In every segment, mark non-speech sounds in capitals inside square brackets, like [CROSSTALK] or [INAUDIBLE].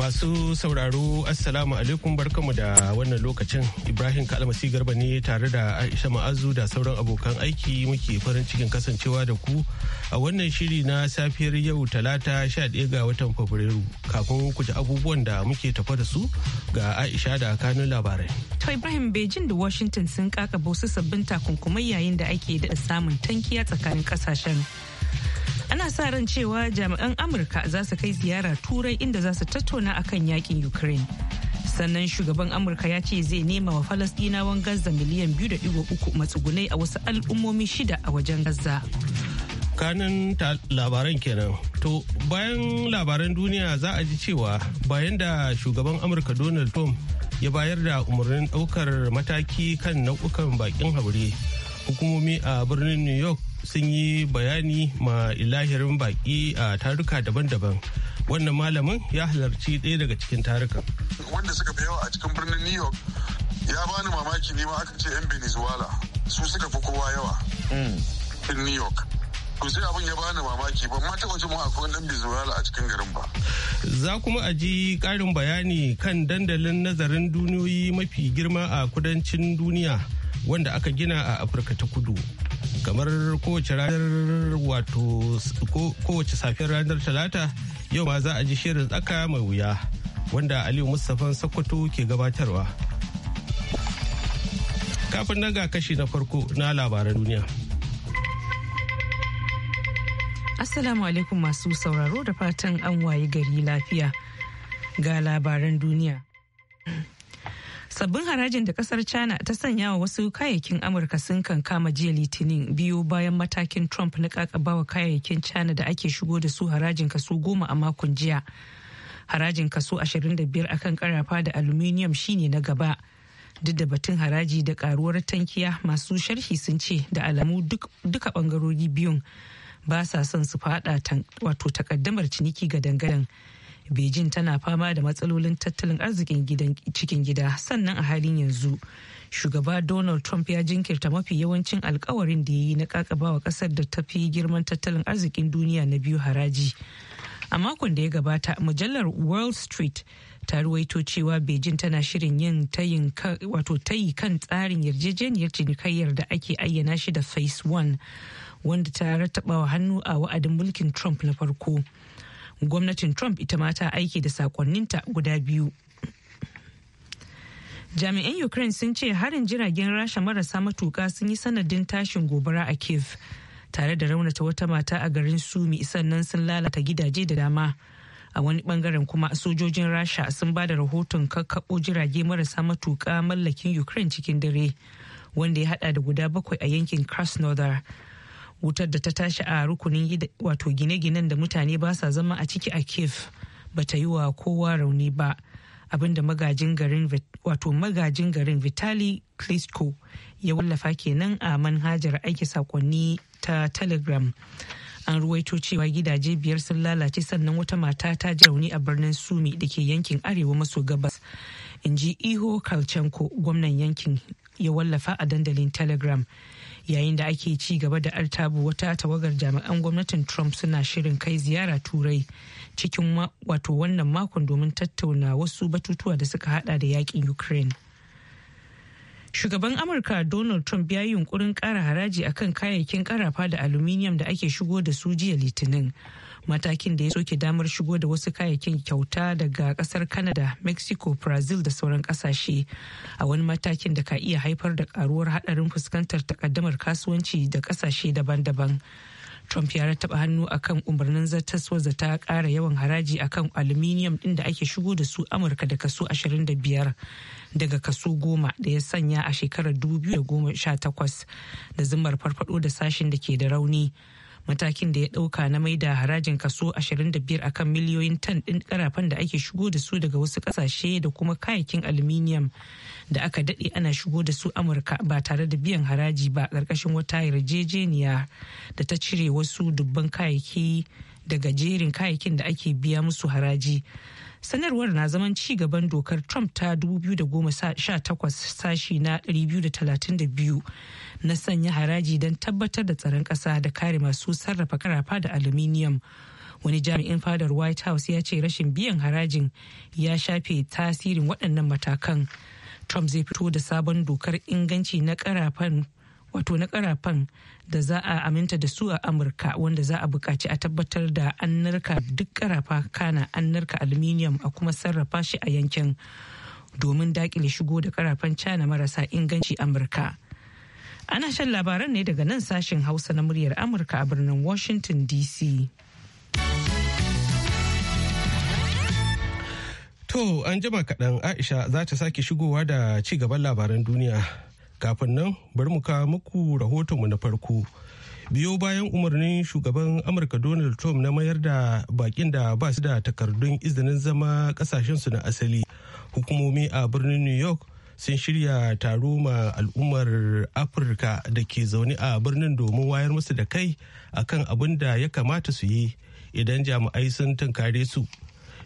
Masu sauraro Assalamu alaikum barkamu da wannan lokacin Ibrahim Kalmasi Garba ne tare da Aisha Ma'azu da sauran abokan aiki muke farin cikin kasancewa da ku a wannan shiri na safiyar yau talata 11 ga watan Fabrairu kafin ku ji abubuwan da muke tafa da su ga Aisha da kanun labarai. To Ibrahim Beijing da Washington sun kaka wasu sabbin takunkumai yayin da ake da samun tankiya tsakanin kasashen. ana sa ran cewa jami'an amurka za su kai ziyara turai inda za su tattauna akan yakin ukraine sannan shugaban amurka ya ce zai nema wa falasdinawan gaza miliyan 2.3 matsugunai a wasu al'ummomi shida a wajen gaza kanin labaran kenan to bayan labaran duniya za a ji cewa bayan da shugaban amurka donald trump ya bayar da umarnin daukar mataki kan nau'ukan bakin haure hukumomi a birnin new york sun yi bayani ma ilahirin baki a taruka daban-daban wannan malamin ya halarci ɗaya daga cikin tarukan wanda suka fi yawa a cikin birnin new york ya bani mamaki ne ma aka ce 'yan venezuela su suka fi kowa yawa in new york to sai abin ya bani mamaki ban ma taɓa jin akwai dan venezuela a cikin garin ba za kuma a ji ƙarin bayani kan dandalin nazarin duniyoyi mafi girma a kudancin duniya wanda aka gina a Afirka ta kudu. Kamar kowace ranar wato kowace safiyar ranar talata yau ma za a ji shirin tsaka mai wuya wanda Aliyu Mustapha Sokoto ke gabatarwa. Kafin na ga kashi na farko na labaran duniya. Assalamu alaikum masu sauraro da fatan an wayi gari lafiya ga labaran duniya. sabbin harajin da kasar china ta sanya wa wasu kayayyakin amurka sun kankama jiya litinin biyu bayan matakin trump na kakabawa kayayyakin china da ake shigo da su harajin kaso goma a makon jiya harajin kaso 25 akan karafa da aluminium shine na gaba duk da batun haraji da karuwar tankiya masu sharhi sun ce da alamu duka bangarori biyun ba sa son su fada wato takaddamar ciniki ga dangadan beijing tana fama da matsalolin tattalin arzikin cikin gida sannan a halin yanzu shugaba donald trump ya jinkirta mafi yawancin alkawarin da ya yi na kakabawa kasar da ta fi girman tattalin arzikin duniya na biyu haraji a makon da ya gabata mujallar wall street ta ruwaito cewa beijing tana shirin yin tayin wato tayi kan tsarin yarjejeniyar cinikayyar da ake ayyana shi da phase one wanda ta rattaba hannu a wa'adin mulkin trump na farko gwamnatin trump ita ma ta aiki da sakonninta guda biyu jami'an ukraine sun ce harin jiragen rasha marasa matuka sun yi sanadin tashin gobara a kiev tare da raunata wata mata a garin sumi sannan sun lalata gidaje da dama a wani bangaren kuma sojojin rasha sun ba da rahoton kakkaɓo jirage marasa matuka mallakin ukraine cikin dare wanda ya hada da guda bakwai a yankin krasnodar wutar da ta tashi a rukunin wato gine-ginen da mutane ba sa zama a ciki a kif ba ta yi wa kowa rauni ba abinda magajin garin wato magajin garin vitali klitschko ya wallafa kenan a manhajar aiki sakonni ta telegram an ruwaito cewa gidaje biyar sun lalace sannan wata mata ta ji rauni a birnin sumi da ke yankin arewa maso gabas in ji iho kalchenko gwamnan yankin ya wallafa a dandalin telegram yayin da ake ci gaba da artabu wata tawagar jami'an gwamnatin trump suna shirin kai ziyara turai cikin wato wannan makon domin tattauna wasu batutuwa da suka hada da yakin ukraine shugaban amurka donald trump ya yi yunkurin kara haraji akan kayayyakin karafa da aluminium da ake shigo da su jiya litinin matakin da ya soke damar shigo da wasu kayayyakin kyauta daga kasar canada mexico brazil da sauran kasashe a wani matakin da ka iya haifar da karuwar hadarin fuskantar takaddamar kasuwanci da kasashe daban-daban trump ya rataba hannu akan umarnin zartaswar da ta kara yawan haraji akan aluminium din da ake shigo da su amurka da kaso 25 daga kaso goma da ya sanya a shekarar 2018 da zimmar farfado da sashen da ke da rauni matakin da ya ɗauka na maida harajin kaso 25 akan miliyoyin tan din karafan da ake shigo da su daga wasu kasashe da kuma kayakin aluminium da aka daɗe ana shigo da su amurka ba tare da biyan haraji ba ƙarƙashin wata yarjejeniya da ta cire wasu dubban kayaki daga jerin kayakin da ake biya musu haraji sanarwar na zaman ci gaban dokar trump ta 2018 sashi na 232 na sanya haraji don tabbatar da tsaron kasa da kare masu sarrafa karafa da aluminium wani jami'in fadar white house ya ce rashin biyan harajin ya shafe tasirin waɗannan matakan trump zai fito da sabon dokar inganci na karafan wato na karafan da za a aminta da su a amurka wanda za a buƙaci a tabbatar da an narka duk karafa kana an narka aluminium a kuma sarrafa shi a yankin domin dakile shigo da karafan cana marasa inganci amurka ana shan labaran ne daga nan sashen hausa na muryar amurka a birnin washington dc To an jima kaɗan Aisha za ta sake shigowa da ci gaban labaran duniya. kafin nan bari mu kawo muku rahotonmu na farko biyo bayan umarnin shugaban amurka donald trump na mayar da bakin da ba su da takardun izinin zama kasashensu na asali hukumomi a birnin new york sun shirya taro ma al'ummar afirka da ke zaune a birnin domin wayar musu da kai akan abin da ya kamata su yi idan jami'ai sun tunkare su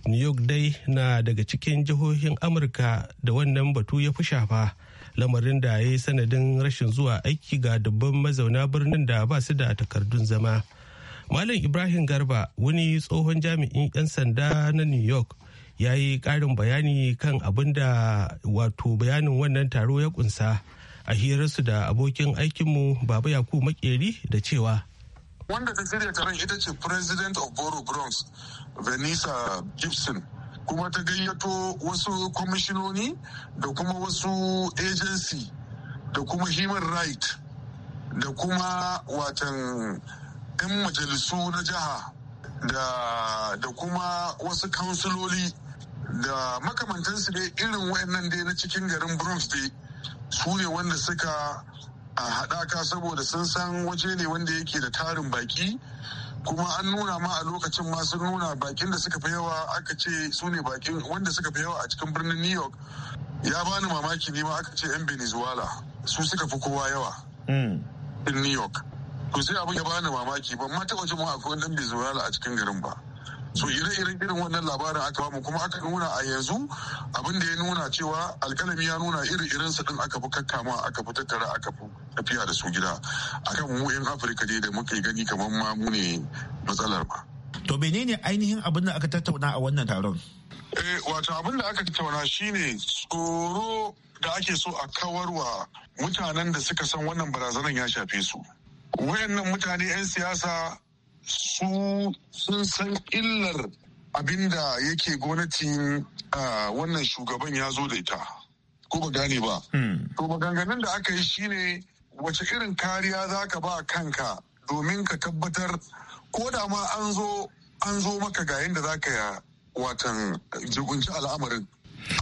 new york dai na daga cikin jihohin amurka da wannan batu ya fi shafa lamarin da ya yi sanadin rashin zuwa aiki ga dubban mazauna birnin da ba su da takardun zama malam ibrahim garba wani tsohon jami'in 'yan sanda na new york ya yi ƙarin bayani kan abin da wato bayanin wannan taro ya kunsa a hirarsu da abokin aikinmu baba yakubu makeri da cewa wanda ta shirya taron ita ce president of boro bronx venisa gibson kuma ta gayyato wasu kwamishinoni da kuma wasu agency da kuma human right da kuma watan 'yan majalisu na jiha da kuma wasu kansuloli da makamantansu dai irin wayannan dai na cikin garin bronx dai su ne wanda suka a haɗaka saboda sun san waje ne wanda yake da tarin baki kuma an nuna ma a lokacin ma sun nuna bakin da suka fi yawa aka ce su ne bakin wanda suka fi yawa a cikin birnin new york ya bani mamaki ne ma aka ce 'yan venezuela su suka fi kowa yawa hmm. in new york to sai abin ya bani mamaki ban ma taɓa jin akwai wani dan venezuela a cikin garin ba so ire-iren irin wannan labarin aka bamu kuma aka nuna a yanzu abin da ya nuna cewa alkalami ya nuna irin-irin su din aka fi kakkama aka fi tattara aka fi tafiya da su gida akan mu 'yan afirka dai da muke gani kamar ma mu ne matsalar ba. to menene ainihin abin da aka tattauna a wannan taron eh wato abin da aka tattauna shine tsoro da ake so a kawarwa mutanen da suka san wannan barazanar ya shafe su wayannan mutane 'yan siyasa su sun san illar abinda yake gwamnatin wannan shugaban ya zo da ita ko ba gane ba hmm. to maganganun da aka yi shine wace irin kariya za ka ba kanka domin ka tabbatar ko da ma an zo an zo maka ga yadda za ka watan jigunci al'amarin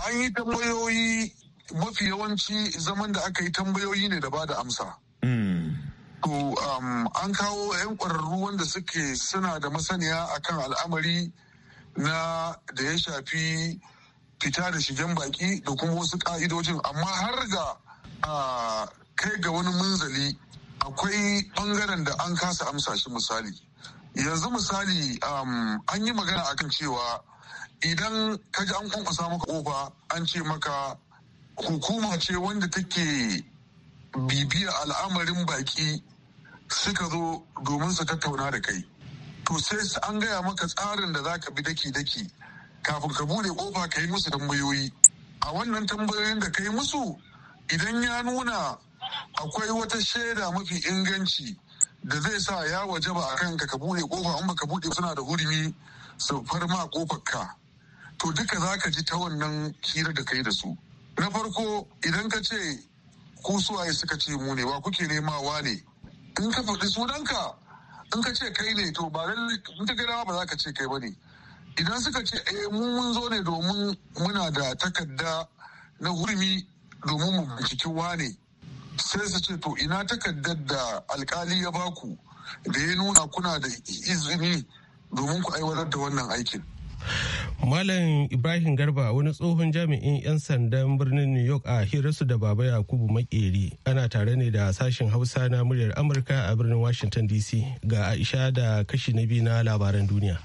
an yi tambayoyi mafi yawanci zaman da aka yi tambayoyi ne da ba da amsa to um, an kawo 'yan ƙwararru wanda suke suna da masaniya akan al'amari na da ya shafi fita da shigen baki da kuma wasu ka'idojin amma har ga kai ga wani munzali akwai bangaren da an kasa amsa shi misali yanzu misali um, an yi magana akan cewa idan ka ji an kwankwasa maka kofa an ce maka hukuma ce wanda take bibiya al'amarin baki suka zo domin su tattauna da kai to sai an gaya maka tsarin da za ka bi daki-daki kafin ka bude kofa ka yi musu tambayoyi a wannan tambayoyin da ka yi musu idan ya nuna akwai wata shaida mafi inganci da zai sa ya waje ba a kanka ka bude kofa in baka bude suna da hurumi su ma kofar ka to duka za ka ji ta wannan hira da kai da su na farko idan ka ce ku suwaye suka ce mu ne wa kuke nema wa ne in ka faɗi sunanka in ka ce kai ne to ba in ka gaira ba za ka ce kai ba ne idan suka ce eh mun mun zo ne domin muna da takarda na hurmi domin mu wane sai su ce to ina takardar da alkali ya baku da ya nuna kuna da izini domin ku aiwatar da wannan aikin Malam Ibrahim Garba wani tsohon jami'in 'yan sandan birnin New York a hirarsu da Baba Yakubu Makeri ana tare ne da sashen Hausa na muryar Amurka a birnin Washington DC ga Aisha da kashi na biyu na labaran duniya.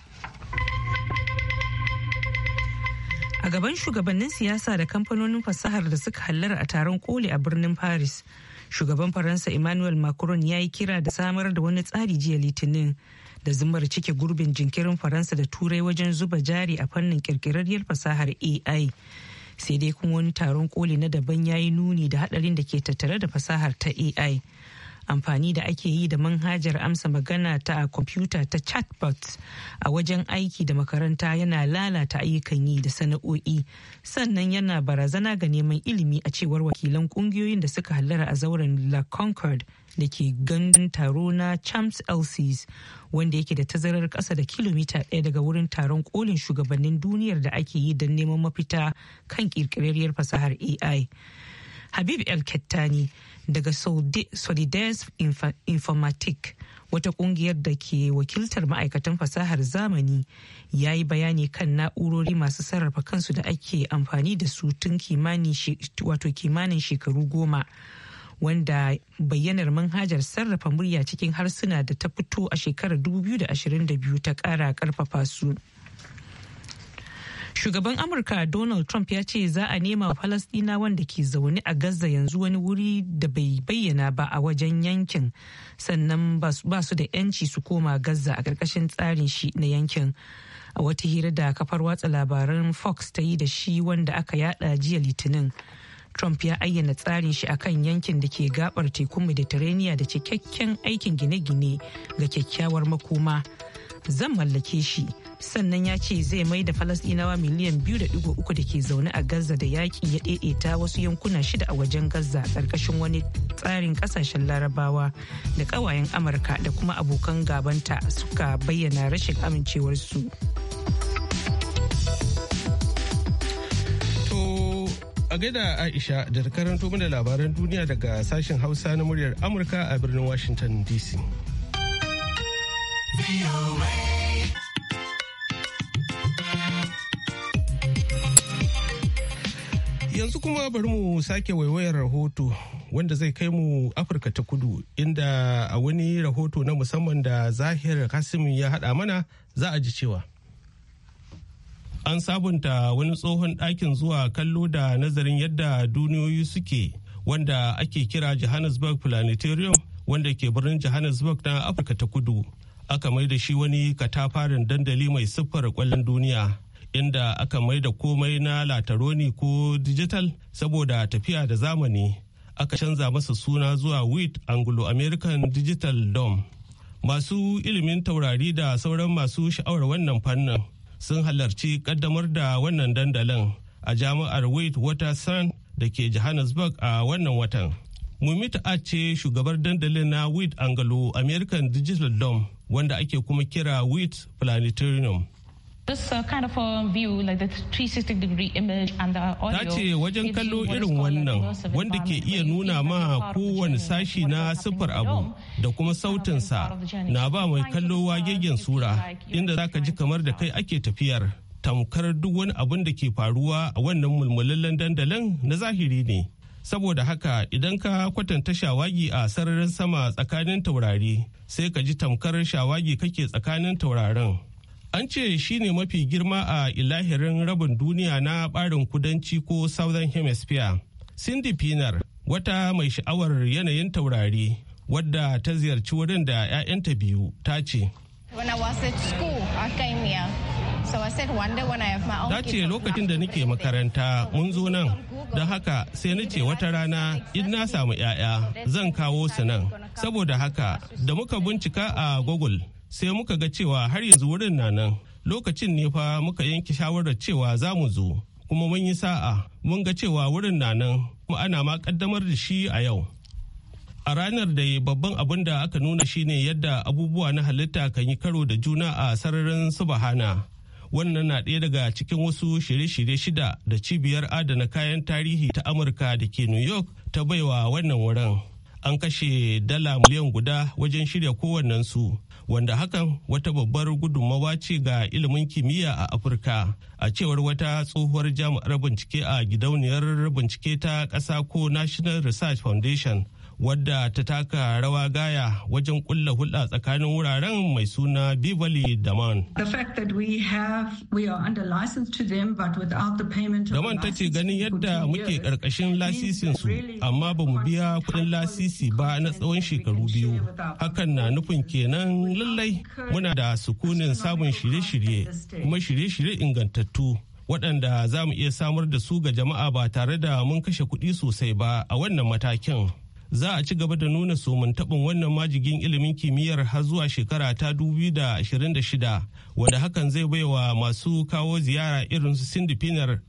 A gaban shugabannin siyasa da kamfanonin fasahar da suka hallara a taron koli a birnin Paris. shugaban faransa emmanuel macron ya yi kira da samar da wani tsari jiya litinin da zumar cike gurbin jinkirin faransa da turai wajen zuba jari a fannin kirkirarriyar fasahar ai sai dai kuma wani taron koli na daban ya yi nuni da hadarin da ke tattare da fasahar ta ai amfani da ake yi da manhajar amsa magana ta kwamfuta ta chatbot a wajen aiki da makaranta yana lalata ayyukan yi da sana'o'i sannan yana barazana ga neman ilimi a cewar wakilan kungiyoyin da suka hallara a zauren la concord da ke gandun taro na champs elsies wanda yake da tazarar kasa da kilomita ɗaya daga wurin taron kolin shugabannin duniyar da ake yi don neman mafita kan ƙirƙirarriyar fasahar ai habib el kettani daga solidaires informatique wata kungiyar da ke wakiltar ma'aikatan fasahar zamani ya yi bayani kan na'urori masu sarrafa kansu da ake amfani da su tun kimanin shekaru goma wanda bayyanar manhajar sarrafa murya cikin harsuna da ta fito a shekarar 2022 ta kara karfafa su. Shugaban Amurka Donald Trump ya ce za a nema wa Falasɗina wanda ke zaune a Gaza yanzu wani wuri da bai bayyana ba a wajen yankin sannan ba su da 'yanci su koma Gaza a ƙarƙashin tsarin shi na yankin. A wata hira da kafar watsa labaran Fox ta yi da shi wanda aka yada jiya Litinin. Trump ya ayyana tsarin shi akan yankin da ke gabar tekun Mediterranean da cikakken aikin gine-gine ga kyakkyawar makoma. zan mallake shi sannan ya ce zai mai da falasdinawa miliyan biyu da da ke zaune a gaza da yaƙi ya ɗaiɗaita wasu yankuna shida a wajen gaza ƙarƙashin wani tsarin ƙasashen larabawa da ƙawayen amurka da kuma abokan gabanta suka bayyana rashin amincewarsu a gaida aisha da karanto mana labaran duniya daga sashen hausa na muryar amurka a birnin washington dc Yanzu kuma bari mu sake waiwayar rahoto wanda zai kai mu Afirka ta kudu inda a wani rahoto na musamman da Zahir Kasim ya haɗa mana za a ji cewa. An sabunta wani tsohon ɗakin zuwa kallo da nazarin yadda duniyoyi suke wanda ake kira Johannesburg Planetarium wanda ke birnin Johannesburg na Afirka ta kudu. aka mai da shi wani katafarin dandali mai siffar kwallon duniya inda aka mai da komai na lataroni ko digital saboda tafiya da zamani aka canza masa suna zuwa wit anglo-american digital dome masu ilimin taurari da sauran masu sha'awar wannan fannin sun halarci kaddamar da wannan dandalin a jami'ar wit sun da ke johannesburg a wannan watan mumita ce shugabar dandalin na wit anglo-american digital dome wanda ake kuma kira wheat planetarium uh, Ta ce wajen kallo irin wannan wanda ke iya nuna ma kowane sashi na sifar abu da kuma sautinsa na ba mai kallo wagegen sura inda za ka ji kamar da kai ake tafiyar tamkar duk wani abin da ke faruwa a wannan mulmulallen dandalin na zahiri ne. saboda haka idan ka kwatanta shawagi a sararin sama tsakanin taurari sai ka ji tamkar shawagi kake tsakanin taurarin an ce shi ne mafi girma a ilahirin rabin duniya na barin kudanci ko southern hemisphere cindy pinar wata mai sha'awar yanayin taurari wadda ta ziyarci wurin da 'ya'yanta biyu ta ce When I was at school, I came Ta ce lokacin da nake makaranta mun zo nan, da haka sai ni ce wata rana in na samu 'ya'ya zan kawo su nan. Saboda haka da muka bincika a Google sai muka ga cewa har yanzu wurin na nan. Lokacin ne fa muka yanke shawarar cewa za mu zo, kuma mun yi sa'a mun ga cewa wurin na nan kuma ana ma kaddamar da shi a yau. a ranar da babban abin da aka nuna shine yadda abubuwa na halitta kan yi karo da juna a sararin subahana wannan na ɗaya daga cikin wasu shirye-shirye shida da cibiyar adana kayan tarihi ta amurka da ke new york ta baiwa wannan wurin an kashe dala miliyan guda wajen shirya su wanda hakan wata babbar gudunmawa ce ga ilimin kimiyya a afirka a cewar wata tsohuwar jami'ar bincike a gidauniyar bincike ta ƙasa ko national research foundation wadda ta taka rawa gaya wajen kulla hulɗa tsakanin wuraren mai suna Bivali da man ta ce ganin yadda muke ƙarƙashin lasisinsu amma ba mu biya kuɗin lasisi ba na tsawon shekaru biyu. Hakan na nufin kenan lallai muna da sukunin samun shirye-shirye kuma shirye-shirye ingantattu. waɗanda za mu iya samar da su ga jama'a ba tare da mun kashe kuɗi sosai ba a wannan matakin. za a ci gaba da nuna somin taɓin wannan majigin ilimin kimiyyar har zuwa shekara ta 2026 wanda hakan zai baiwa masu kawo ziyara irin su Cindy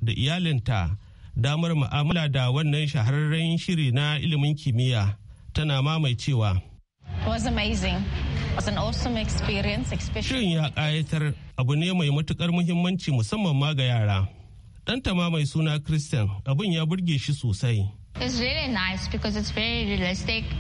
da iyalinta damar ma'amala da wannan shahararren shiri na ilimin kimiyya tana mamai cewa. Shirin ya ƙayatar abu ne mai matukar muhimmanci musamman ma ga yara. Ɗanta ma mai suna Christian abin ya burge shi sosai. It's really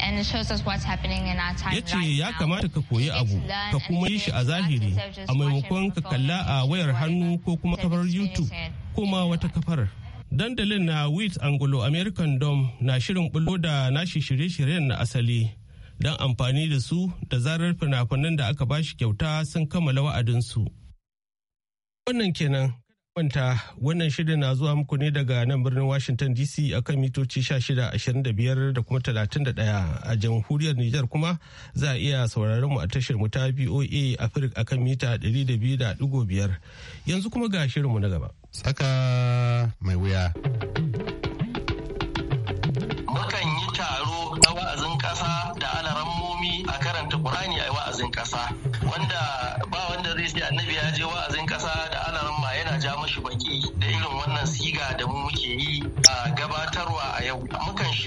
and it shows us what's ya kamata ka koyi abu ka kuma yi shi a zahiri a maimakon ka kalla a wayar hannu ko kuma kafar YouTube ko ma wata kafar. Dandalin na Wheat Anglo American Dom na shirin bullo da nashi shirye-shiryen na asali don amfani da su da zarar fina-finan da aka bashi kyauta sun kammala wa'adinsu. Wannan kenan kwanta wannan shirin na zuwa muku ne daga nan birnin Washington DC akan mitoci 1625 da kuma 31 a jamhuriyar Nijar kuma za a iya sauraron mu a tashar mu ta BOA Africa akan mita 200.5 yanzu kuma ga shirin mu na gaba. Saka mai wuya.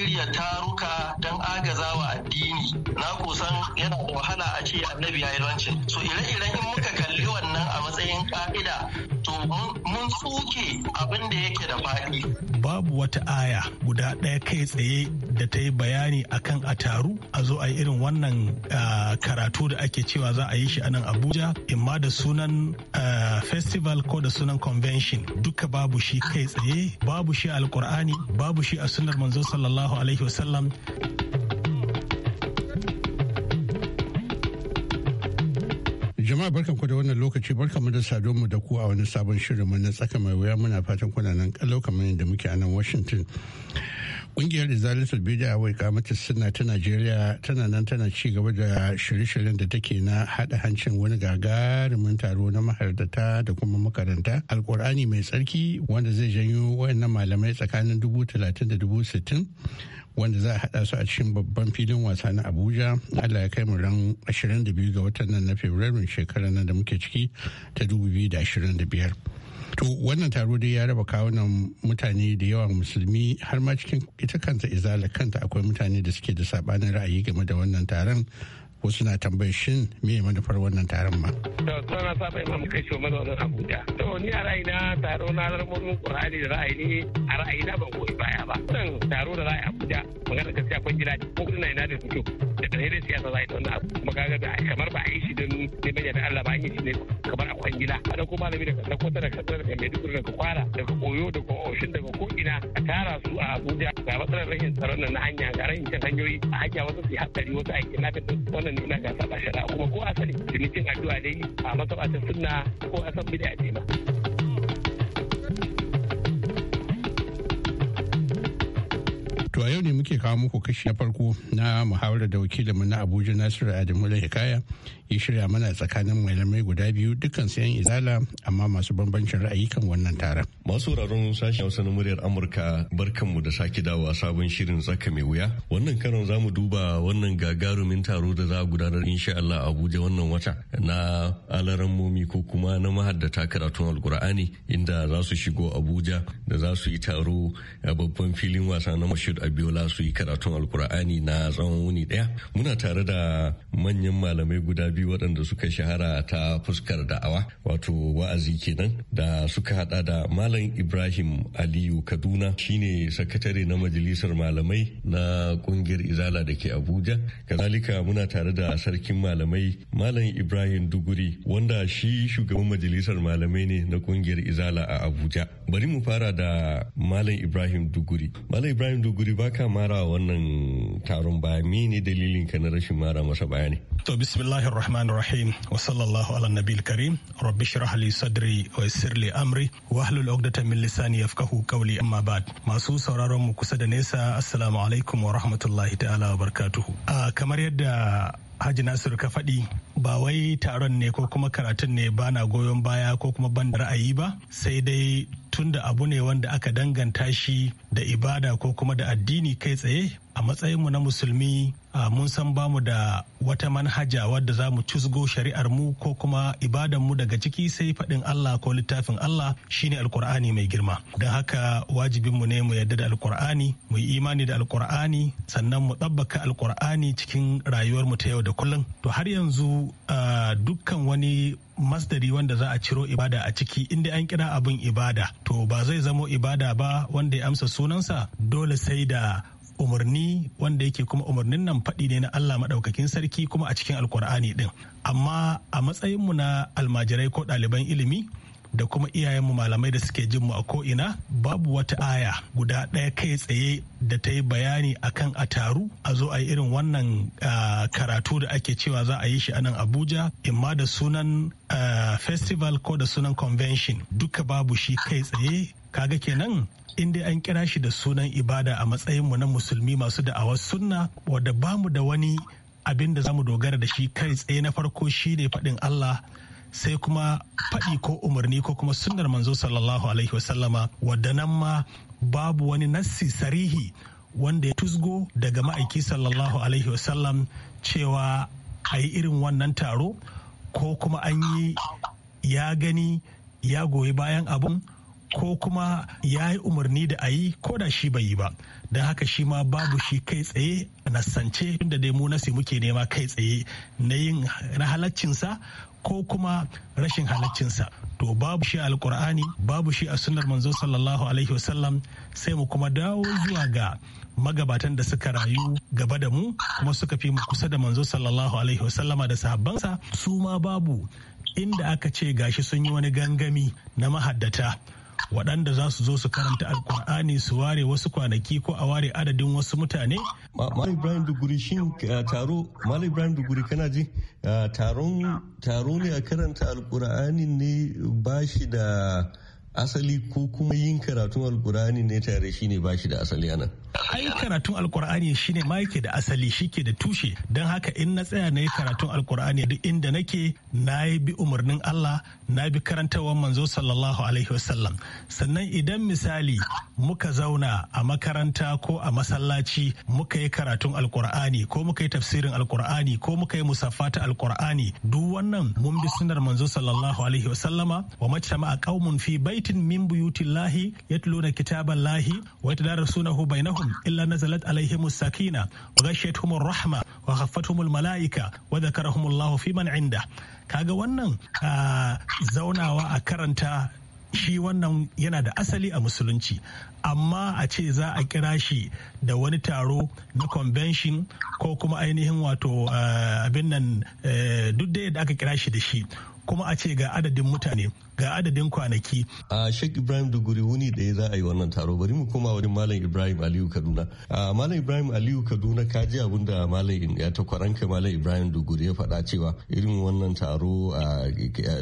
shirya taruka don agazawa addini na kusan yana da wahala a ce annabi ya yi rancin so ire soke abin da yake da faɗi. Babu wata aya guda ɗaya kai tsaye da ta yi bayani akan a taru a zo a yi irin wannan karatu da ake cewa za a yi shi a nan Abuja imma da sunan festival ko da sunan convention duka babu shi kai tsaye babu shi alkur'ani babu shi a sunar manzo sallallahu alaihi wasallam Jama'a barkan ku da wannan lokaci barka mu da sadon mu da ku a wani sabon shirin mu na tsaka mai wuya muna fatan kuna nan kallo kamar yadda muke a nan Washington. Kungiyar Izalatul Bida wai kamata suna ta Najeriya tana nan tana ci gaba da shirye-shiryen da take na hada hancin wani gagarumin taro na maharata da kuma makaranta Alkur'ani mai tsarki wanda zai janyo wayannan malamai tsakanin dubu talatin da dubu sittin wanda za a haɗa su a cikin babban filin wasa na abuja allah ya kai mu ran 22 ga watan nan na fabrairun shekarar nan da muke ciki ta 2025 to wannan taro dai ya raba kawunan mutane da yawa musulmi har ma cikin ita kanta izala kanta akwai mutane da suke da sabanin ra'ayi game da wannan taron wasu na tambayar shin me manufar wannan taron ma. to sa bai abuja to a taro na kurani da ra'ayi a ban goyi baya ba taro da ra'ayi abuja magana gaskiya kun da fito da ƙarfi siyasa da don neman yadda Allah kamar a kwangila ana kuma malami daga sakwata kasar maiduguri kwara daga koyo daga oshin daga ko a tara su a abuja ga matsalar rashin tsaron nan na hanya ga rashin cin hanyoyi a hanya wasu su hatsari wasu aiki na da wannan ina ga saba shari'a kuma ko asali cin addu'a dai a matsabatar sunna ko san bid'a ce ba. To a yau ne muke kawo muku kashi na farko na muhawarar da wakilinmu na Abuja Nasiru Adamu Hikaya ya shirya mana tsakanin malamai guda biyu dukkan sayan izala amma masu bambancin ra'ayi kan wannan taron. Masu sauraron sashen Hausa na muryar Amurka barkanmu da sake dawowa sabon shirin tsaka mai wuya. Wannan karon zamu duba wannan gagarumin taro da za a gudanar insha Allah Abuja wannan wata na alaran momi ko kuma na mahaddata karatun Alkur'ani inda za su shigo Abuja da za su yi taro a babban filin wasa na Mashud Abiola su yi karatun Alkur'ani na tsawon wuni daya. Muna tare da manyan malamai guda biyu biyu waɗanda suka shahara ta fuskar da'awa wato wa'azi kenan da suka hada da malam ibrahim aliyu kaduna shine sakatare na majalisar malamai na kungiyar izala da ke abuja kazalika muna tare da sarkin malamai malam ibrahim duguri wanda shi shugaban majalisar malamai ne na kungiyar izala a abuja bari mu fara da malam ibrahim duguri malam ibrahim duguri baka mara wannan taron baya mene dalilin ka na rashin mara masa bayani to bismillahir rahman rahim wa sallallahu ala nabil karim rabbi shrah li sadri wa yassir li amri wa hlul uqdatan min lisani yafqahu qawli amma ba'd masu sauraron mu kusa da nesa assalamu alaikum wa rahmatullahi ta'ala wa barakatuhu kamar yadda Haji Nasiru ka faɗi ba wai taron ne ko kuma karatun ne ba na goyon baya ko kuma ban da ra'ayi ba sai dai tunda abu ne wanda aka danganta shi da ibada ko kuma da addini kai tsaye a matsayinmu na musulmi mun san bamu da wata manhaja wadda za mu cusgo shari'ar mu ko kuma ibadan mu daga ciki sai faɗin Allah ko littafin Allah shine alkur'ani mai girma don haka wajibin mu ne mu yadda da alkur'ani mu yi imani da alkur'ani sannan mu ɗabbaka alkur'ani cikin rayuwarmu ta yau da kullum to har yanzu dukkan wani masdari wanda za a ciro ibada a ciki inda an kira abin ibada to ba zai zamo ibada ba wanda ya amsa sunansa dole sai da umarni wanda yake kuma umarnin nan faɗi ne na Allah maɗaukakin sarki kuma a cikin alkur'ani ɗin amma a matsayinmu na almajirai ko ɗaliban ilimi da kuma iyayenmu malamai da suke jin mu a ko'ina babu wata aya guda ɗaya kai tsaye da ta yi bayani akan a taru a zo a yi irin wannan ah, karatu da ake cewa za a yi shi a nan abuja imma da sunan ah, festival ko da sunan convention duka babu shi kai tsaye kaga kenan in dai an kira shi da sunan ibada a matsayin mu na musulmi masu da'awar sunna wadda bamu da wani abin da za mu dogara da shi kai tsaye na farko shine faɗin allah sai kuma faɗi ko umarni ko kuma sunnar manzo sallallahu alaihi wasallama wadda nan ma babu wani nassi sarihi wanda ya tusgo daga ma'aiki sallallahu alaihi wasallam cewa a yi irin wannan taro ko kuma an yi ya gani ya goyi bayan abun ko kuma ya yi umarni da a yi ko da shi bai yi ba don haka shi ma babu shi kai tsaye na sance inda dai mu nasi muke nema kai tsaye na yin na halaccinsa ko kuma rashin halaccinsa to babu shi Alƙur'ani babu shi a sunar manzo sallallahu alaihi wasallam sai mu kuma dawo zuwa ga magabatan da suka rayu gaba da mu kuma suka fi mu kusa da manzo sallallahu alaihi wasallama da sahabbansa su ma babu inda aka ce gashi sun yi wani gangami na mahaddata waɗanda za su zo su karanta alkur'ani su ware wasu kwanaki ko a ware adadin wasu mutane? Malam Ibrahim Duguri shin eh, taro Malam Ibrahim Duguri kana ji eh, taron taro ne a karanta alkur'ani ne ba shi da asali ko kuma yin karatun alkur'ani ne tare shi ne ba shi da asali anan. ai karatun alkur'ani shi ne ma yake da asali shi ke da tushe don haka in na tsaya na yi karatun alkur'ani duk inda nake na yi bi umarnin allah na bi karantarwar manzo sallallahu alaihi wasallam sannan idan misali muka zauna a makaranta ko a masallaci muka yi karatun alkur'ani ko muka yi tafsirin alkur'ani ko muka yi ta alkur'ani duk wannan mun bi sunar manzo sallallahu alaihi wasallama wa mace ma a kaumun fi bai baitin min buyutillahi yatluna lahi wa bai bainahum illa nazalat alaihimus sakina wa ghashiyatuhumur rahma wa khaffathumul malaika wa fi fiman inda kaga wannan ah, zaunawa a karanta shi wannan yana da asali a musulunci amma a ce za a kira shi da wani taro na convention ko kuma ainihin wato ah, abin nan eh, duk da yadda aka kira shi da shi kuma a ce ga adadin mutane ga adadin kwanaki. A Sheikh Ibrahim Duguri wuni da ya za a yi wannan taro bari mu koma wurin Malam Ibrahim Aliyu Kaduna. Malam Ibrahim Aliyu Kaduna ka ji abin da Malam ya ta kwaranka Malam Ibrahim Duguri ya faɗa cewa irin wannan taro a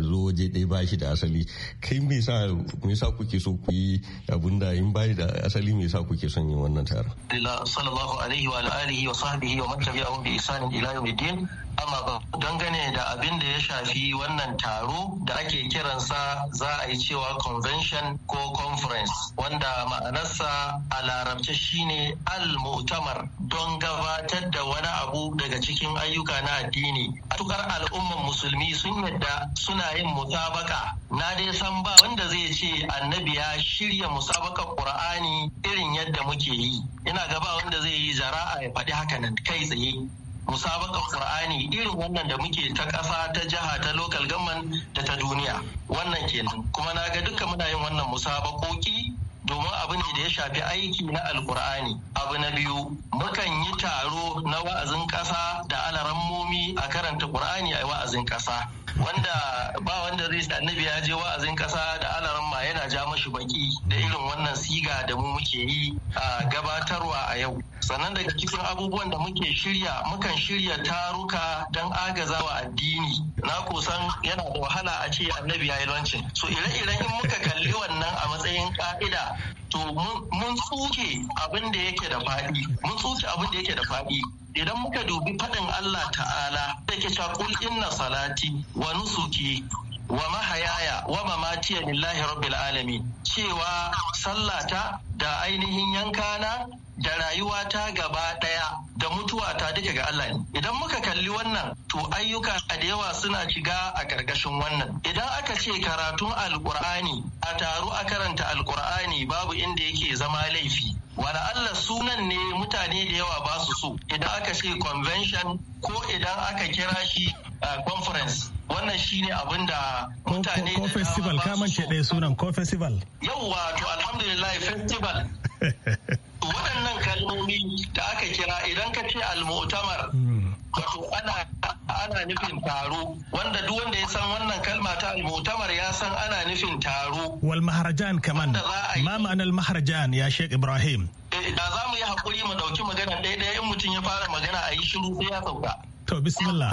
zo waje ɗaya ba shi da asali. Kai me sa me sa kuke so ku yi abin da in ba da asali me sa kuke son yin wannan taro? Sallallahu alaihi wa alihi wa sahbihi wa man tabi'ahum bi ihsanin ila yawmiddin. ba dangane da abin da ya shafi wannan taro da ake kiransa za a yi cewa convention ko conference wanda ma'anarsa a larabce shine al-mu'tamar don gabatar da wani abu daga cikin ayyuka na addini a tukar al'umman musulmi sun yadda suna yin musabaka na dai san ba wanda zai ce annabi ya shirya musabakar qur'ani irin yadda muke yi ina gaba wanda zai yi zara'a ya faɗi haka nan kai tsaye musabakar Kur'ani irin wannan da muke ta ƙasa ta jiha ta local government da ta duniya wannan kenan kuma na ga duka muna yin wannan musabakoki domin abu ne da ya shafi aiki na alkur'ani abu na biyu mukan yi taro na wa'azin ƙasa da alarammomi a karanta qur'ani a wa'azin ƙasa wanda ba wanda zai ci annabi ya je wa'azin kasa da alaran ma yana ja mashi baki da irin wannan siga da mu muke yi a gabatarwa a yau sannan daga cikin abubuwan da muke shirya mukan shirya taruka don agazawa addini na kusan yana da wahala a ce annabi ya yi lancin so ire-iren in muka kalli wannan a matsayin ka'ida to mun tsuke abin da yake da fadi mun tsuke abin da yake da faɗi idan muka dubi faɗin Allah ta'ala da ke cewa inna salati wa nusuki wa mahayaya wa mamatiya lillahi rabbil alamin cewa sallata da ainihin yankana da rayuwata gaba ɗaya da mutuwa ta duka ga Allah ne. Idan muka kalli wannan to ayyuka a da yawa suna shiga a ƙarƙashin wannan. Idan aka ce karatun alƙur'ani a taru a karanta alƙur'ani babu inda yake zama laifi. Wala Allah sunan ne mutane da yawa ba su so. Idan aka ce convention ko idan aka kira shi conference. wannan shine abin da mutane ko festival kamance ɗaya sunan ko festival yauwa to alhamdulillah festival [LAUGHS] waɗannan kalmomi da aka kira idan ka ce al-mu'tamar wato ana ana nufin taro wanda duk wanda ya san wannan kalma ta al-mu'tamar ya san ana nufin taro wal maharajan kaman ma ma'anar maharajan ya Sheikh Ibrahim eh, da za mu yi hakuri mu dauki magana ɗaya in mutum ya fara magana a yi shiru sai ya sauka to bismillah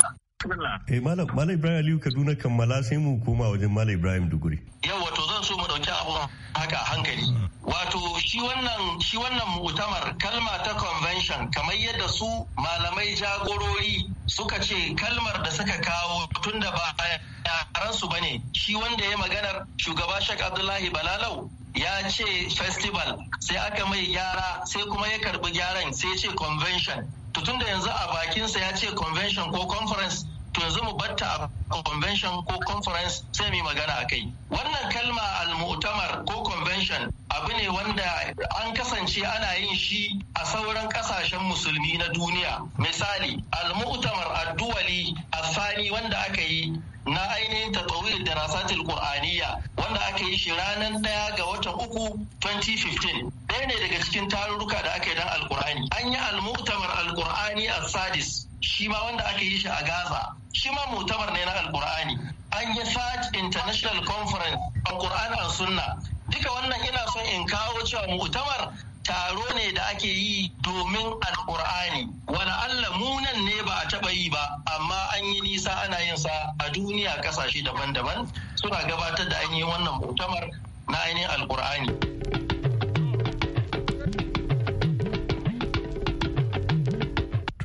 eh, Malam Ibrahim Aliyu Kaduna kammala sai mu koma wajen Malam Ibrahim Duguri. Yau wato zan su mu dauki abun haka hankali wato shi wannan shi wannan mu'tamar kalma ta convention kamar yadda su malamai jagorori suka ce kalmar da suka kawo tun da ba ba bane shi wanda ya maganar shugaba Sheikh Abdullahi Balalau ya ce festival sai aka mai gyara sai kuma ya karbi gyaran sai ce convention to da yanzu a bakinsa ya ce convention ko conference to yanzu mu batta convention ko conference sai mai magana a kai wannan kalma al-mu'tamar ko convention abu ne wanda an kasance ana yin shi a sauran kasashen musulmi na duniya misali al-mu'tamar ad-duwali sani wanda aka yi na ainihin ta da darasatil qur'aniyya wanda aka yi shi ranar ɗaya ga watan uku 2015 ɗaya ne daga cikin tarurruka da aka yi dan alkur'ani an yi al-mu'tamar al-qur'ani sadis shi ma wanda aka yi shi a gaza shi ma mutabar ne na alkur'ani an yi Search International Conference on Quran and Sunna duka wannan ina son in kawo cewa mutamar taro ne da ake yi domin alkur'ani wani allah munan ne ba a taba yi ba amma an yi nisa ana yin sa a duniya kasashe daban-daban suna gabatar da an yi wannan mutamar na ainihin alkur'ani.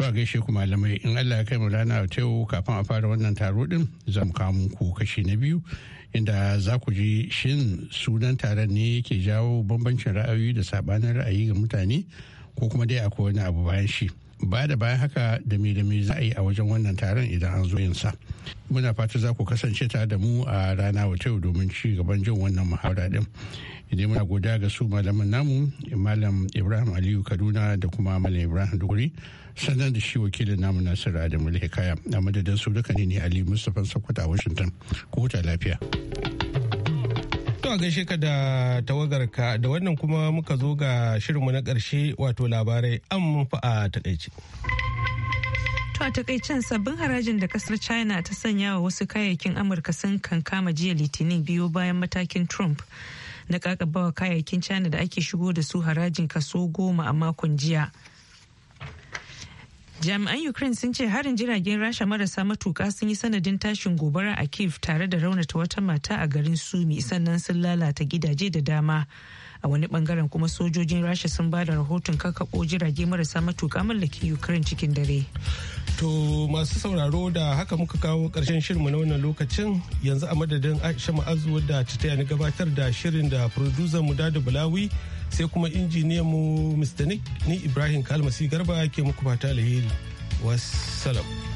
To a gaishe ku malamai in Allah ya kai mu rana ta yau kafin a fara wannan taro din za mu kawo kashi na biyu inda za ku ji shin sunan taron ne ke jawo bambancin ra'ayoyi da sabanin ra'ayi ga mutane ko kuma dai akwai wani abu bayan shi. ba da bayan haka da me da me za a yi a wajen wannan taron idan an zo yinsa muna fata za ku kasance tare da mu a rana wata yau domin ci gaban jin wannan muhawara din idan muna godiya ga su malaman namu malam ibrahim aliyu kaduna da kuma malam ibrahim Dukuri. sannan da shi wakilin namu nasiru adamu hikaya a madadin su duka ne ali mustapha sokoto a washington ko huta lafiya. To a gaishe ka da ka da wannan kuma muka zo ga shirinmu na ƙarshe wato labarai an fa a takaice. To a takaicen sabbin harajin da kasar China ta sanya wa wasu kayayyakin Amurka sun kankama jiya litinin biyu bayan matakin Trump na kakabawa kayayyakin China da ake shigo da su harajin kaso goma a makon jiya. jami'an ukraine sun ce harin jiragen rasha marasa matuka sun yi sanadin tashin gobara a kiev tare da raunata wata mata a garin sumi sannan sun lalata gidaje da dama a wani bangaren kuma sojojin rasha sun ba da rahoton kakabo jirage marasa matuka mallakin ukraine cikin dare to masu sauraro da haka muka kawo karshen shirinmu na wannan lokacin yanzu a madadin aisha ma'azu da ta ni gabatar da shirin da producer mu da bulawi sai kuma injiniyan mu Mr. Nick ni Ibrahim Kalmasi Garba ke muku fata alheri. Wassalam.